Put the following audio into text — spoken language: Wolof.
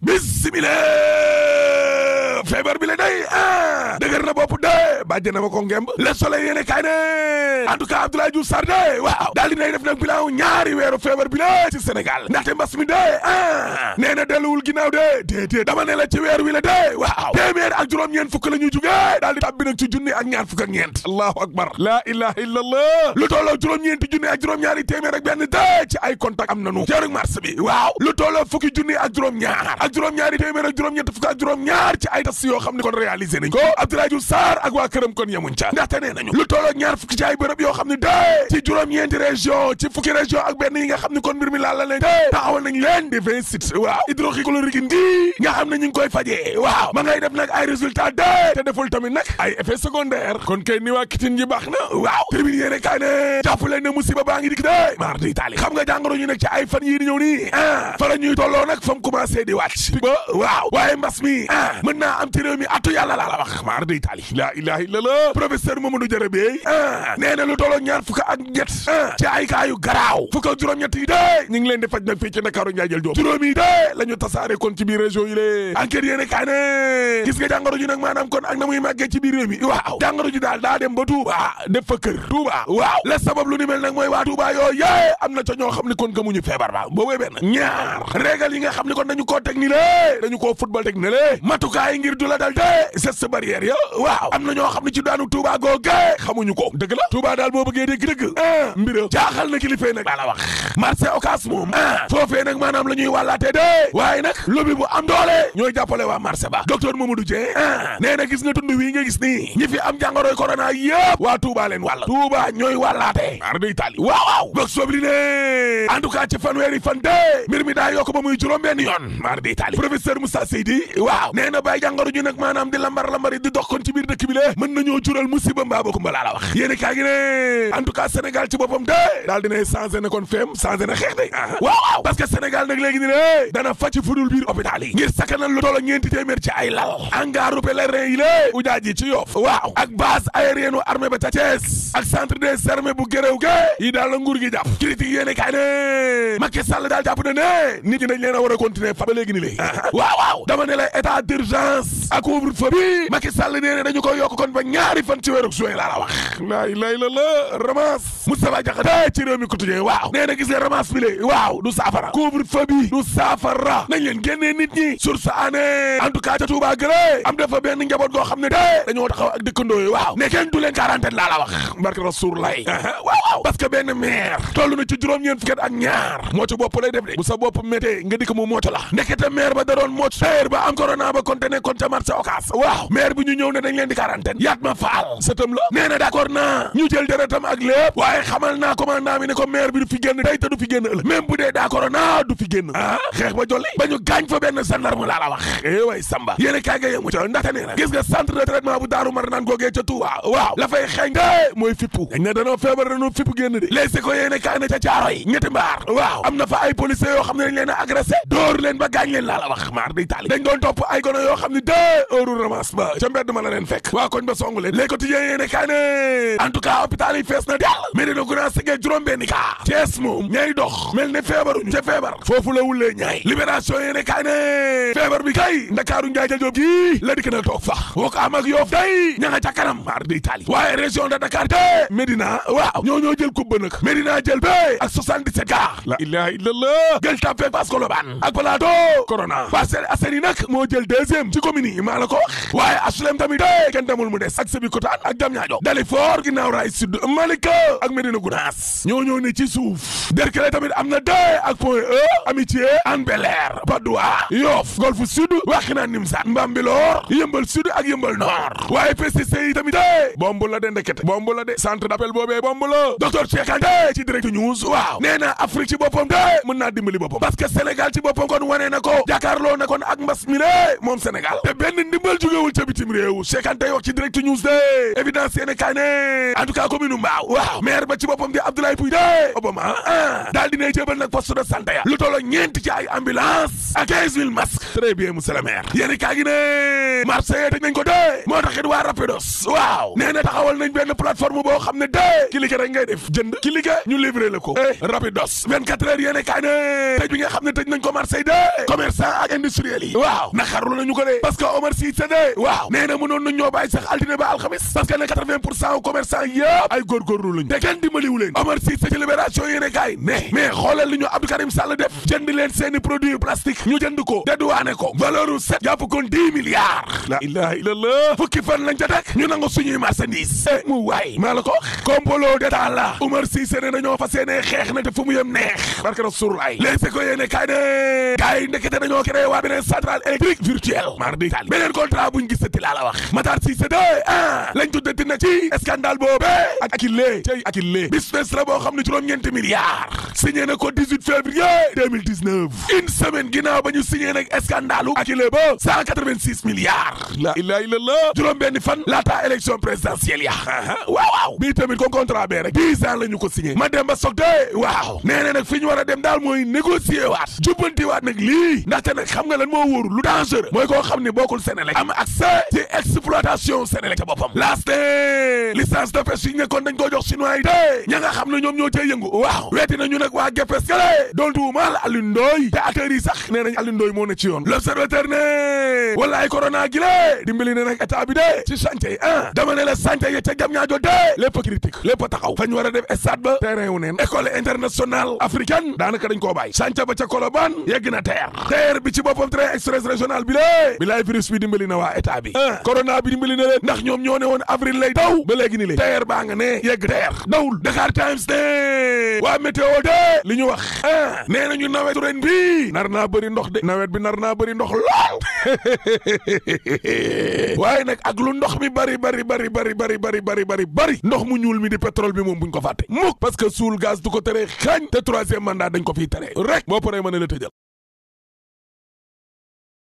bismillah feebar bi la day ah! dëgër na bopp de bàjje na ma ko ngemb le soleil yéene kaay ne en tout cas Abdoulaye Diouf Sarr de waaw daal di nay def nag bilan ñaari weeru feebar bi la ci Sénégal ndaxte mbas mi de ah nee na delluwul ginnaaw de déedéet dama ne la ci weer wi la de waaw téeméer ak juróom-ñeent fukk la ñuy jugee daal di tàbbi nag ci junni ak ñaar fukk ak ñeent allahu akbar laa ilaha illallah lu tolloo juróom-ñeenti junni ak juróom-ñaari téeméer ak benn de ci ay contact am nanu jeerug mars bi waaw lu tolloo fukki junni ak juróom-ñaar ak juróom-ñaari téeméer ak juróom-ñeent fukk ak juróom-ñaar ci ay tas yoo xam ne kon réalisé nañ ko Abdoulaye Sadio Sarr ak waa këram kon yemuñ ca ndaxte nee nañu lu tolloog ñaar fukki ci ay bërëb yoo xam ne dee ci juróom-ñeenti région ci fukki région ak benn yi nga xam ne kon mbir mi laal la leen dee taxawal nañ leen di vingt sites waaw hydroxychloroquine gi nga xam ne ñu ngi koy fajee waaw ma def nag ay résultat dee te deful tamit nag ay effet secondaire kon kay waa kitin ji baax na waaw tribune yéene kaay ne jàpp ne musiba baa ngi dikk dee mardi di ñëw de Italie laa ilaaha illallah professeur Mamadou Jara Bey ah nee na lu tolloo ñaar fukk ak ñett ah ci ay kaayu garaaw fukk ak juróom-ñett yi de ñu ngi leen di faj nag fii ci Ndakaaru njaajël de la tasaare kon ci biir région yi lé enquête yéene gis nga jàngoro nag maanaam kon ak na muy màggee ci biir mi waaw jàngoro daal daa ba Touba def kër Touba waaw la sabab lu ni nag mooy waa Touba am na ca xam ne kon gëmuñu feebar ba boobee benn ñaar régal yi koo waaw am na ñoo xam ne ci daanu Touba googe xamuñu ko dëgg la Touba daal boo bëggee dégg dëgg ah mbira jaaxal na kilifee nag bala wax moom ah foofee nag maanaam la ñuy wàllaatee de waaye nag lobby bu am doole ñooy jàppale waa marché ba docteur Mamadou Dieng ah nee na gis nga tund wii nga gis ni ñi fi am jàngoroy corona yëpp waa Touba leen wàll Touba ñooy wàllaatee ar day taali waaw waaw bog soob li ne en fan de mbir mi daa yokk ba muy juróom benn yoon mar day taali professeur Moussa Seydi waaw di lambar kon ci biir dëkk bi lee mën nañoo jural musiba mbaaba kumba laa wax yéen kaa gi ne en ci boppam de daal dinay changé na kon feem changé na xeex de ah. waaw waaw parce que nag léegi ni ne dana fàcc fudul biir hôpital ngir sakkanal lu toll ñeenti téeméer ay lal angaaru pèlerin yi lée ujaaj yi ci Yoff waaw ak base aérienne u ba ca ak centre des armées bu géréw ge yi daal la nguur gi jàpp critique yéen kaa ne Macky Sall daal jàpp na ne nit ñi dañ leen a war a continuer fa ba ah. ne bi nee ne dañu ko yokk kon ba ñaari fan ci weeru juin laa la wax laa ilaaha illallaah ramas Moustapha Diakhaté ci réew mi quotidien waaw nee ramas bi le du saafara couvre-feu du saafara nañ leen nit ñi sur sa année en tout am dafa benn njaboot goo xam ne dee dañoo taxaw ak dëkkandoo yi waaw ne kenn du leen quarantaine wax mbarke rasuur lay waaw waaw benn maire toll na ci juróom-ñeent fukki at ak ñaar moo bopp lay def de bu sa bopp da doon mooc maire ba am corona ba konte ne kon ca marché occas ñëw ne dañ leen di quarantaine yaat ma faal sëtam la nee na d'accord naa ñu jël deretam ak lépp waaye xamal naa commandant bi ko maire bi du fi génn tey te du fi génn ëllëg même bu dee d'accord naa du fi génn ah, xeex ba jolli ba ñu gaañ fa benn gendarme laa la wax eh way samba de traitement si ko yéene kaay ca caaro yi ñetti mbaar waaw am na fa ay policiers yoo xam ne dañ leen a agressé dóor leen ba gaañ leen laa la wax maar day taali dañ doon topp ay gono yoo xam ne deux fa la leen fekk waa koñ ba songu leen léegi quotidien yéene kaay ne en tout fees na dell Médina Gounass Sigué juróom benni kaa Thiès moom ñay dox mel ne feebaruñu ca feebar foofu la wulee ñaay libération yéene kaay ne feebar bi kay ndakaaru njaay jajoob gi la dikk na toog sax woo a am ak yoof day ña a ca kanam mar di Italie waaye région de Dakar te Médina waaw ñoo ñoo jël kubba nag Médina jël bee ak 77 kaa la ilaha illallah gël tapé Fass Colobane ak Plateau Corona tamit kenn demul mu des ak Sébi Kotaan ak Diamniadio Dalifort ginnaaw raay sud Malika ak Medina Gounass ñoo ñoo ci suuf derkale tamit am na deux ak point E a Hann Bel-Air Patte d'Oie Yoff Golf Sud Wakhinane Nimzatt Bambilor yëmbal sud ak yëmbal nord waaye pesticides yi tamit de bomb la de ndekete bomb la de centre d'appel boobee bomb la docteur Cheikh Anta ci direct news waaw nee na Afrique ci boppam de mën naa dimbali boppam parce que Sénégal ci boppam kon wane na ko jàkkaarloo kon ak mbas mi moom Sénégal te benn ndimbal jógewul ca bitim réew Cheikh Anta wax ci direct news de évidence yéen a kaane en tout cas commune Mbao waaw maire ci boppam de Abdoulaye Pouye de daal dinay jébal nag poste de santé ya lu tolloo ñeenti ci ay ambulance ak 15000 masques très bien monsieur le maire yéeni kaa gi ne marché tëj nañ ko dee moo tax waa rapidos waaw nee taxawal nañ benn plateforme boo xam ne dee cliquer rek ngay def jënd cliquer ñu livrer la ko eh rapidos 24 kaa ne tëj bi nga xam ne tëj nañ ko marché dee commerçant ak industriel yi waaw naxarlu nañu ko dee parce que Omar Cissé dee waaw nee mënoon nañ ñoo bàyyi sax Ndiaye mais mais xoolal li ñu Karim Sall def jënd leen seeni produit plastique ñu jënd ko dédouané ko valeur u sept jàpp kon dix milliards la ilaha illallah fukki fan lañ ca teg ñu nangu suñuy marchandise eh, mu waay maa la ko kompolo d'état la Umar Cissé ne dañoo fas yéene xeex na te fu mu yem neex barke rasulullah léegi ko yéene kaay ne kaay ndekete dañoo créé waa beneen centrale électrique virtuelle mardi tali beneen contrat buñ gisati laa la wax Matar Cissé de ah lañ tuddati nag ci scandale boobee ak akillee cay akillee business la boo xam ne juróom milliards Sarr signé na ko 18 février 2019 une semaine ginnaaw ba ñu signé nag scandalu Akilee ba 186 milliards la ilaha illallah juróom fan laata élection présidentielle ya waaw waaw bii tamit ko contrat bee rek 10 ans la ñu ko signé ma dem ba sogte waaw nee nag fi ñu war a dem daal mooy négocier waat jubbanti waat nag lii ndaxte nag xam nga lan moo wóoru lu dangereux mooy koo xam ni bokkul Sénélec am accès ci exploitation Sénélec ca boppam last eh, licence dañ ko jox chinois yi té ña nga xam ne ñoom ñoo cay yëngu waaw weeti nañu nag waa gépes kale tu mal Alioune Ndoye te atéri sax né nañ Alioune Ndoye moo ne ci yoon l'observateur ne wallahi corona gi lé dimbali ne nak état bi dé ci santé 1 dama ne la santé ya ca gam ñaa jot dee lépp critique lépp taxaw fañ wara def stade ba terrain wu né école internationale africaine daanaka dañ ko bay santé ba ca Colobane yegg na terre terre bi ci bopom très express régional bi lé bi lay virus bi dimbali na wa état bi corona bi dimbali né leen ndax ñoom ñoo ne won avril lay taw ba légui ni lé terre ba nga ne yegg terre dawul Dakar Times ne météo de li ñu wax ah nee nañu nawetu ren bi nar naa bëri ndox de nawet bi nar naa bëri ndox lool waaye nag ak lu ndox mi bari bari bari bari bari bari bari bari bari ndox mu ñuul mi di pétrole bi moom buñ ko fàtte mukk parce que suul gaz du ko tere xañ te troisième mandat dañ ko fiy tere rek boo paree mën a la tëjal